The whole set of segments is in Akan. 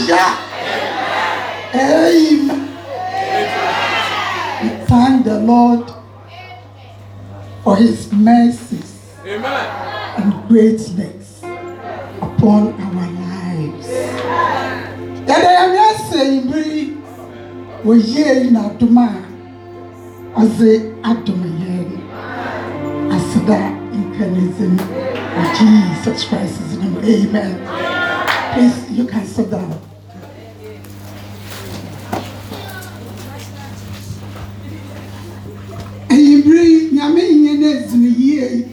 measure. Amen. We thank the Lord for his mercies Amen. and greatness upon our lives. Yàda yàrá ẹsẹ̀ ìbírí wò yí èyí nà àdùmá ọ̀sẹ̀ àdùmẹ̀yẹ àsìdá nkànnìsìn of Jesus Christ's name. Amen. Please, you can sit down. years ne yie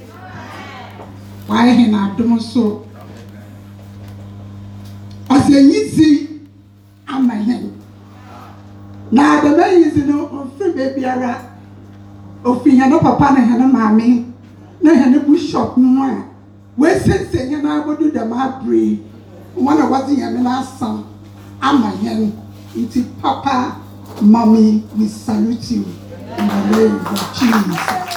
wayɛ hen adom so ɔsɛ yizi ama hen na dɛm ayizi no ɔmfiri baabiara ɔfiri no, papa ne hɛn maame ne hɛn bishop no a wɔasiesie hɛn abɔdu dɛm abere wɔn a wɔdze hɛn no asam ama hɛn nti papa mami we salute you in the name of jesus.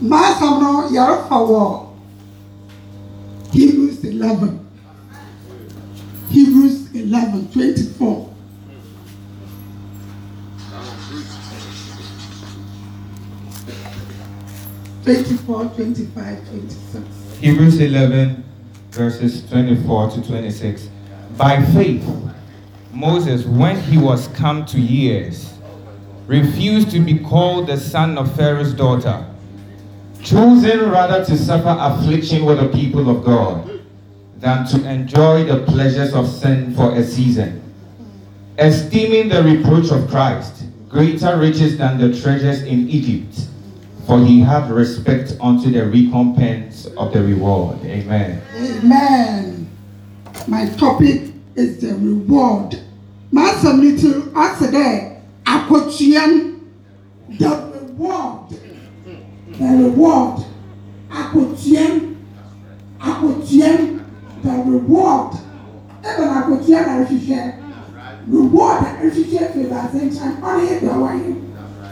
Masamno Yarfawa. Hebrews 11. Hebrews 11, 24. Hebrews eleven, verses twenty-four to twenty-six. By faith, Moses, when he was come to years, refused to be called the son of Pharaoh's daughter choosing rather to suffer affliction with the people of God than to enjoy the pleasures of sin for a season, esteeming the reproach of Christ greater riches than the treasures in Egypt, for he hath respect unto the recompense of the reward. Amen. Amen. My topic is the reward. Master Little, ask a day, the reward. the reward. Akotiam, akotiam, the reward. Ebe na akotiam na ehihie. Reward na ehihie fere ase nkyɛn ɔne yɛ bia wayɛ.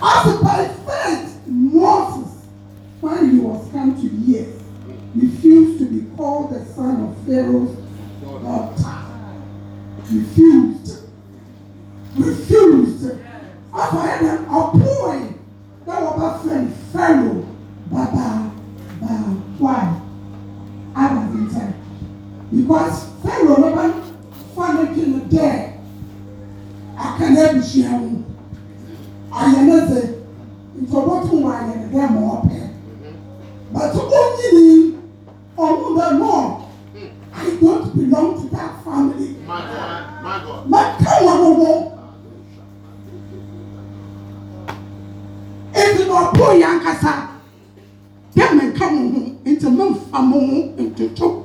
Also by faith, Moses, when he was come to years, refused to be called the son of Pharaoh's daughter. Refused. Refused. After him, a boy that was a friend, Pharaoh. because Pharaoh no ba fa ne ti no dɛ aka ne abusua ho ayɛ ne dze ntɔbɔtɔ mu ayɛ ne dɛ ma but onyini ɔmo dɛ no I don't belong to that family maka wɔn ho eti na ɔpo yɛ ankasa dɛ mɛ nka mo ho nti mo nfa mo ho ntoto.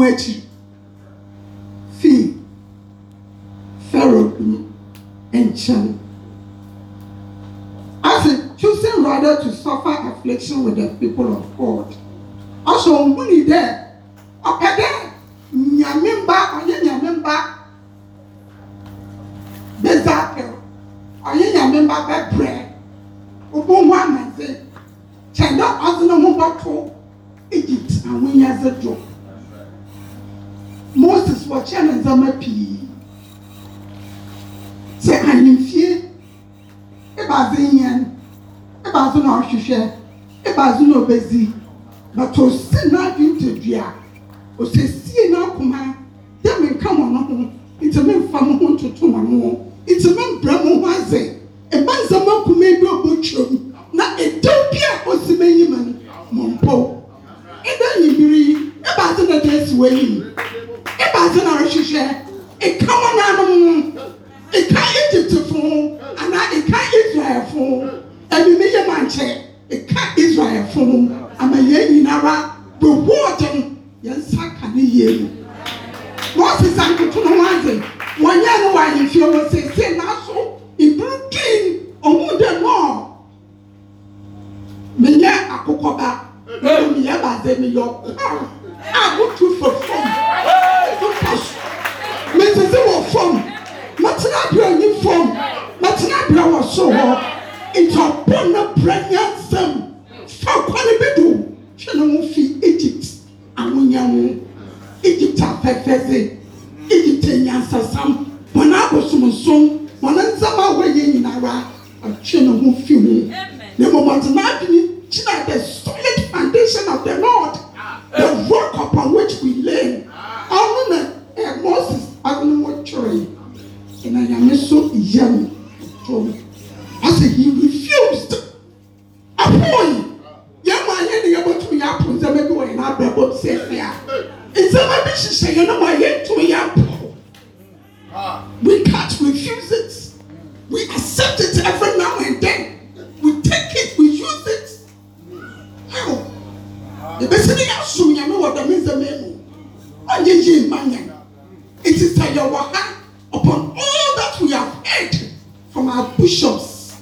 nwo akyi fii farao nkyɛn ase choosing rather to suffer affliction with the people of god ɔsɔ nhuni dɛ ɔpɛ dɛ nyame mba ɔnyɛ nyame mba bezakel ɔnyɛ nyame mba bɛbrɛ ɔbɔ ho amadze kyɛn dɛ ɔdze ne ho bɔtɔ egypt ahonya dze moses wɔkyɛ ne ndzɛma pii sɛ ahemfie ebaadze nyɛn ebaadze na ɔhwehwɛ ebaadze na ɔbɛdzi but osi n'adwene tadua osesie n'akoma dɛ menka wɔn ho ntoma nfa mo ho ntoto wɔn ho ntoma mbra mo ho adze eba ndzɛma kuma ebi ɔbɔ twam na edan bi a osi m'enyim no mɔ mpɔ edan yibiri ebaadze na de esi w'enyim. ase na ɔrehyehyɛ ɛka wɔn nanom ɛka egypt fo anaa ɛka israel fo ɛnumiyɛ mankyɛ. so hɔ nti ɔbɔ ne brɛ nyɛ fam fa kwane bi do hwɛ ne ho fi egypt ahonya ho egypt afɛfɛse egypt nyansasam wɔn abosomsom wɔn ndzɛmba a wɔyɛ nyinara ɔtwe ne ho fi ho na mmom ɔdze n'adwene gyina the solid foundation of the lord the rock upon which we lay ɔno na ɛ eh, moses agono wɔ twere na nyame so yam ɔtɔ mu. ma bishops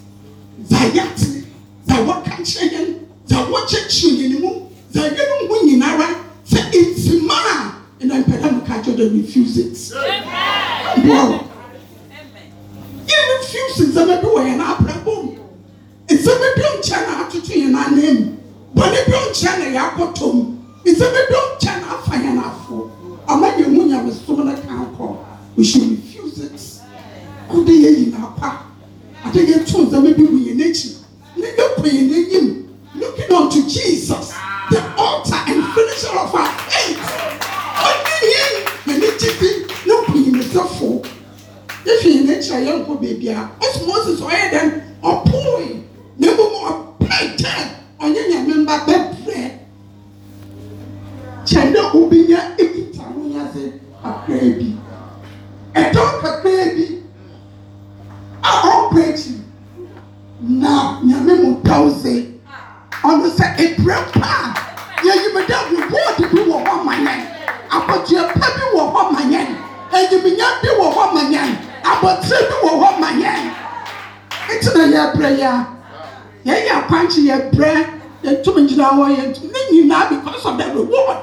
zayɛ atene zawɔ kankyerɛ yɛn zawɔ kyekyere yɛn mu zayɛ no ho nyinara sɛ it's a ɛna mpɛrɛ mu ka kyerɛ dɛ refuse it. Wow. ɔno sɛ ebire paa yɛyimida reward bi wɔ hɔ ma yɛn abɔdeɛpa bi wɔ hɔ ma yɛn enyiminya bi wɔ hɔ ma yɛn abɔtire bi wɔ hɔ ma yɛn ntina yɛbrɛ yɛ yɛyɛ akwankye yɛbrɛ yɛntum gyina hɔ yɛntum ne nyinaa because of the reward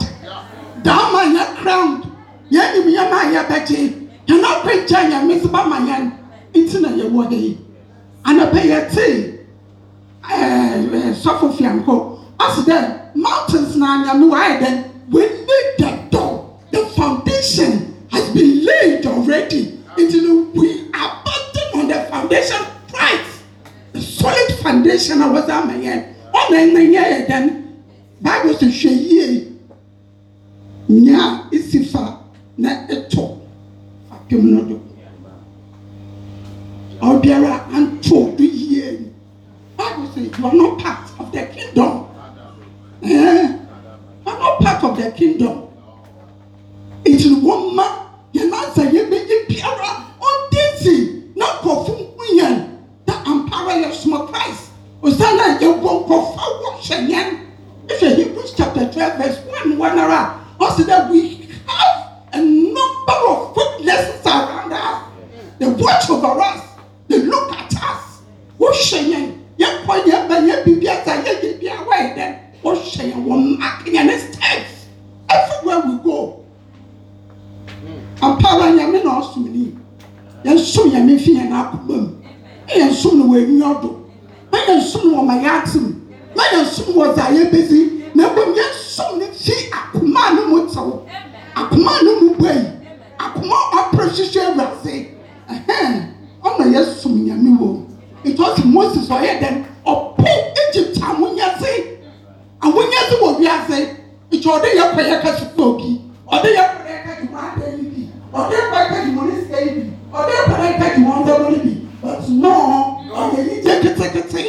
daa ma yɛ crown yɛn nyiminya ma yɛ bɛgye yɛn apɛ gya yɛn mesiba ma yɛn ntina yɛwɔ de anapa yɛ tee ɛɛ sɔfo fianko ɔsi dɛ mountains na anya no ayɛ dɛ we need the door the foundation has been laid already until we are building on the foundation Christ the solid foundation a wɔdze ama yɛn ɔna ɛna yɛ yɛ dɛ bible sɛ hwɛ yie nyaa esi fa na ɛtɔ fapem no do. nti wɔn mma yɛn nan sɛ yɛn a nyame na ɔsom ni yɛnsom nyame fi yɛn akoma mu yɛnsom no wɔ enyi ɔdo na yɛnsom no wɔ ma yɛate mu na yɛnsom wɔ dza yɛbɛdi na ebom yɛnsom no fi akoma no mu tew akoma no mu bɛyi akoma ɔpere hyehyɛ awurade ɛhɛn ɔna yɛsom nyame wɔ ntɔsi moses ɔyɛ dɛm ɔpo egypt ahonyase ahonyase wɔ wiase ntɔ ɔde yɛ kɔ yɛ kɛse kɔ obi ɔde yɛ kɔ ọdẹ pẹtẹkì mo ní sika yìí bi ọdẹ pẹtẹkì mo ń dẹwọ níbi but náà ọdẹ yìí jẹ kẹtẹkẹtẹ.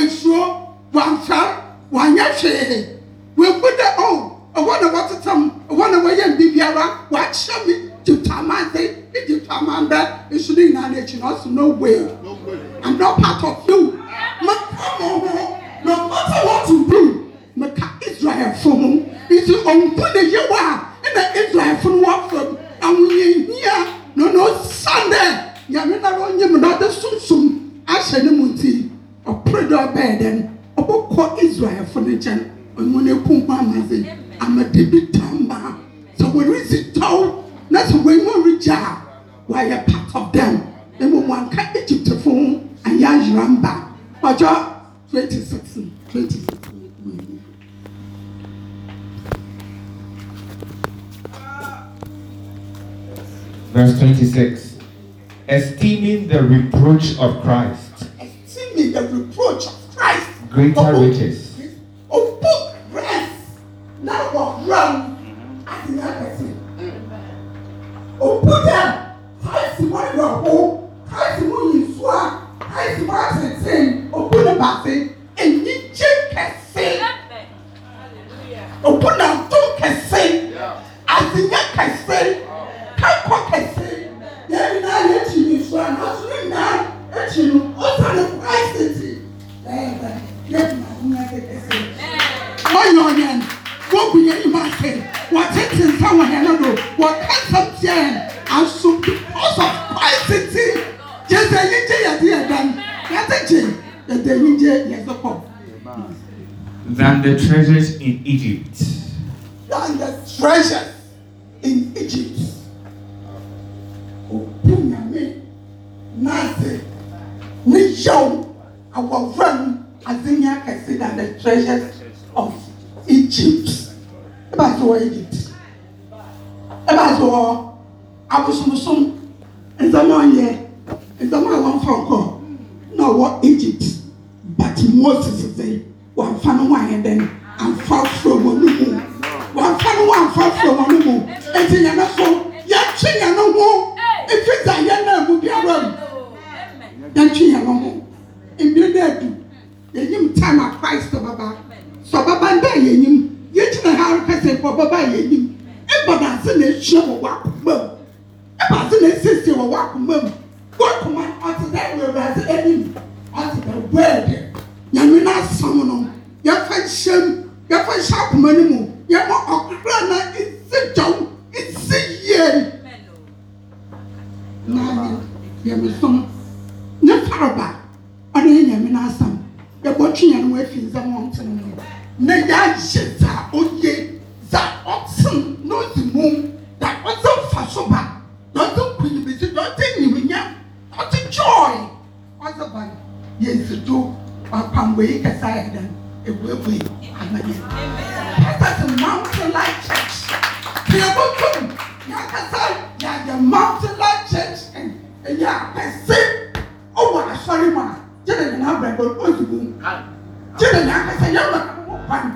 nsuo wanfa wanyɛ hwee webu dɛ o oh, ɛwɔ na wɔtete mu ɛwɔ na wɔyɛ mbibiara wakyerɛ mi tutu amante ne tutu amanda nsu ne nyinaa n'akyi na ɔsi no way i'm not part of you mɛka mo ho na mɛka what to do mɛka israel fo ho nti ɔnku ne yewa ɛna israel fo no wɔ fam ahonyehia na ɔna ɔsan dɛ nyame na ɔnyim na ɔde sunsun ahyɛ ne mu ntii. Israel I'm a debit tamba. So we reach it out, that's when we reach a part of them. Then want to Egypt phone and Yash Ramba. But 26, 26. Verse 26 Esteeming the reproach of Christ greater riches. Of book rest. Now what run remember one another wɔkasa biara aso because of quantity jesu anigye yɛde yɛda no yɛde gye yɛde anigye yɛde kɔ. than the treasures in Egypt. than the treasures in Egypt. òkú nyàmé náàsì ní yẹwò àwòrán adé ní akẹ́sí than the treasures of Egypt. ẹ bá ti wọ Egypt ɛba so hɔ abosomsom ndzɛmba ɔyɛ ndzɛmba a wɔnfa nkɔ na ɔwɔ egypt but moses sɛ wɔnfa no ho ayɛ dɛn anfa foro wɔn no mu wɔnfa no ho anfa foro wɔn no mu eti yɛn no so yɛtwe yɛn no ho efi dza yɛn na emu bi awɔ mu yɛtwe yɛn no ho ebien na edu yɛnyim time a christ ɔbaba sɔbaba ndɛ yɛnyim yɛgyina ha repɛsɛ nkɔ ɔbaba yɛnyim ɛba daase na ehyia wɔ wakoma mu ɛba ase na esiesie wɔ wakoma mu wakoma ɔte dɛ ɛwɔ ɛwɔ ase anim. yɛnsutu apambo yi kasa yɛ dɛ ebuebue amadi pastor to mountain light church tinubu tum yakasa yagye mountain light church ɛyɛ apɛse ɔwɔ asɔre mu a gyere nyina abɛbɔ ozubu gyere nyina akasa yɛ wɔ kɔn kwan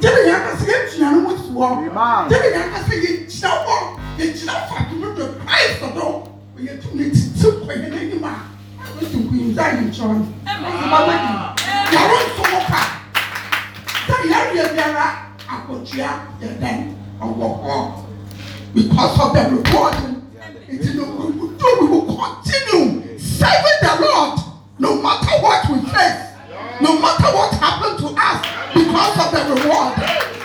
gyere nyina akasa yɛ tua no ho soɔ gyere nyina akasa yɛ gyina hɔ yɛ gyina fa to no do christ do yɛ tum ne titi kɔyɛ n'anim a. Listen, Queen, that you join. My wedding. Your own smoker. That area there are Akotia, the then, or Woko. Because of the reporting, it is no good. We will continue serving the Lord no matter what we face, no matter what happened to us, because of the reward,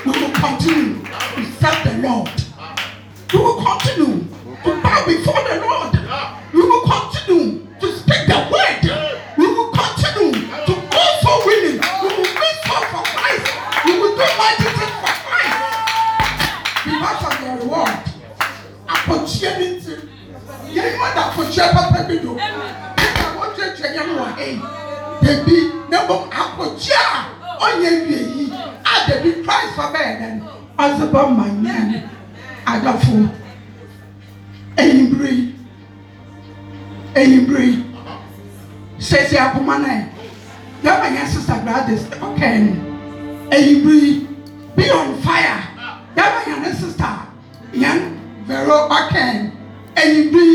we will continue to serve the Lord. We will continue to bow before the Lord. bi do ɛna wɔtwerɛtwerɛ nyɛ no wɔ he dabi na mmom akɔkye a ɔnyɛ wie yi a dabi christ ɔbɛyɛ dɛ no ɔdze bɔ ma nyɛ no adɔfo eyimbere yi eyimbere yi sɛsi akoma na yɛ na ma nyɛ sista gladys ɔkɛɛ no eyimbere be on fire na ma nyɛ ne sista yɛn vero ɔkɛɛ eyimbere yi.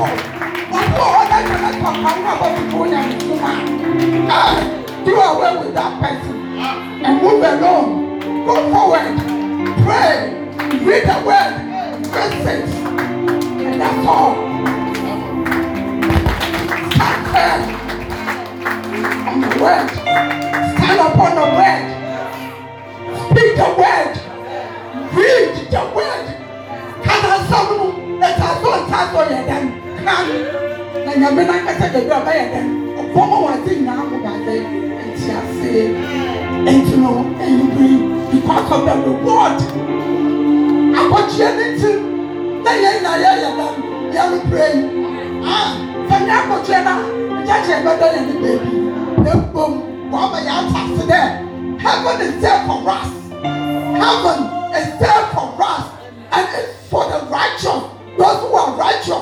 mpo watu wanacholetwa kauna wamekunya mzima do away with that person and move along go forward pray read the word listen and that's all stand on the word stand upon the word speak the word read the word kata sọmu ẹta sọ nta sọ yẹ dẹnu. nan na nyame nan kasa bebree a ɔbɛyɛ dɛ ɔpɔn a wɔde nyinaa ho baade nti ase nti no ɛnibiri because of the reward akɔkyia ne ti na yɛn nyinaa yɛyɛ dɛm yɛn pray ah fɛnɛ akɔkyia na nkyɛnkyɛn bɛdɔ yɛn ne beebi na mbom wɔn bɛ yɛ asase dɛ heaven is there for us heaven is there for us and it's for the righteous those who are righteous.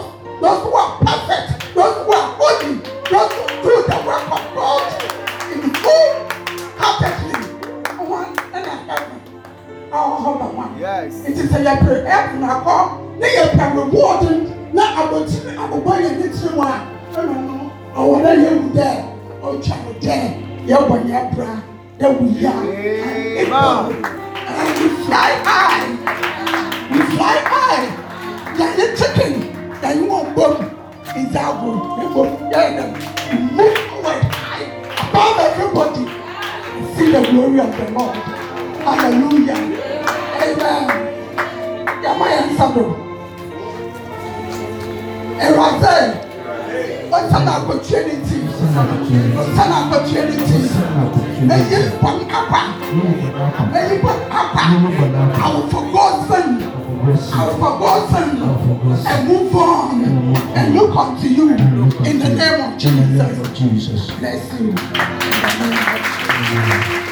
everybody see the glory of the Lord. Hallelujah. Amen. Yàmá yẹn sábò. Ẹ̀rọ àtẹ̀. Ọ̀sán náà kò tiẹ̀ ní tì. Ọ̀sán náà kò tiẹ̀ ní tì. Èyí pọ̀ ń for God send. I've forgotten and move on and look up to you in the name of Jesus. Bless you.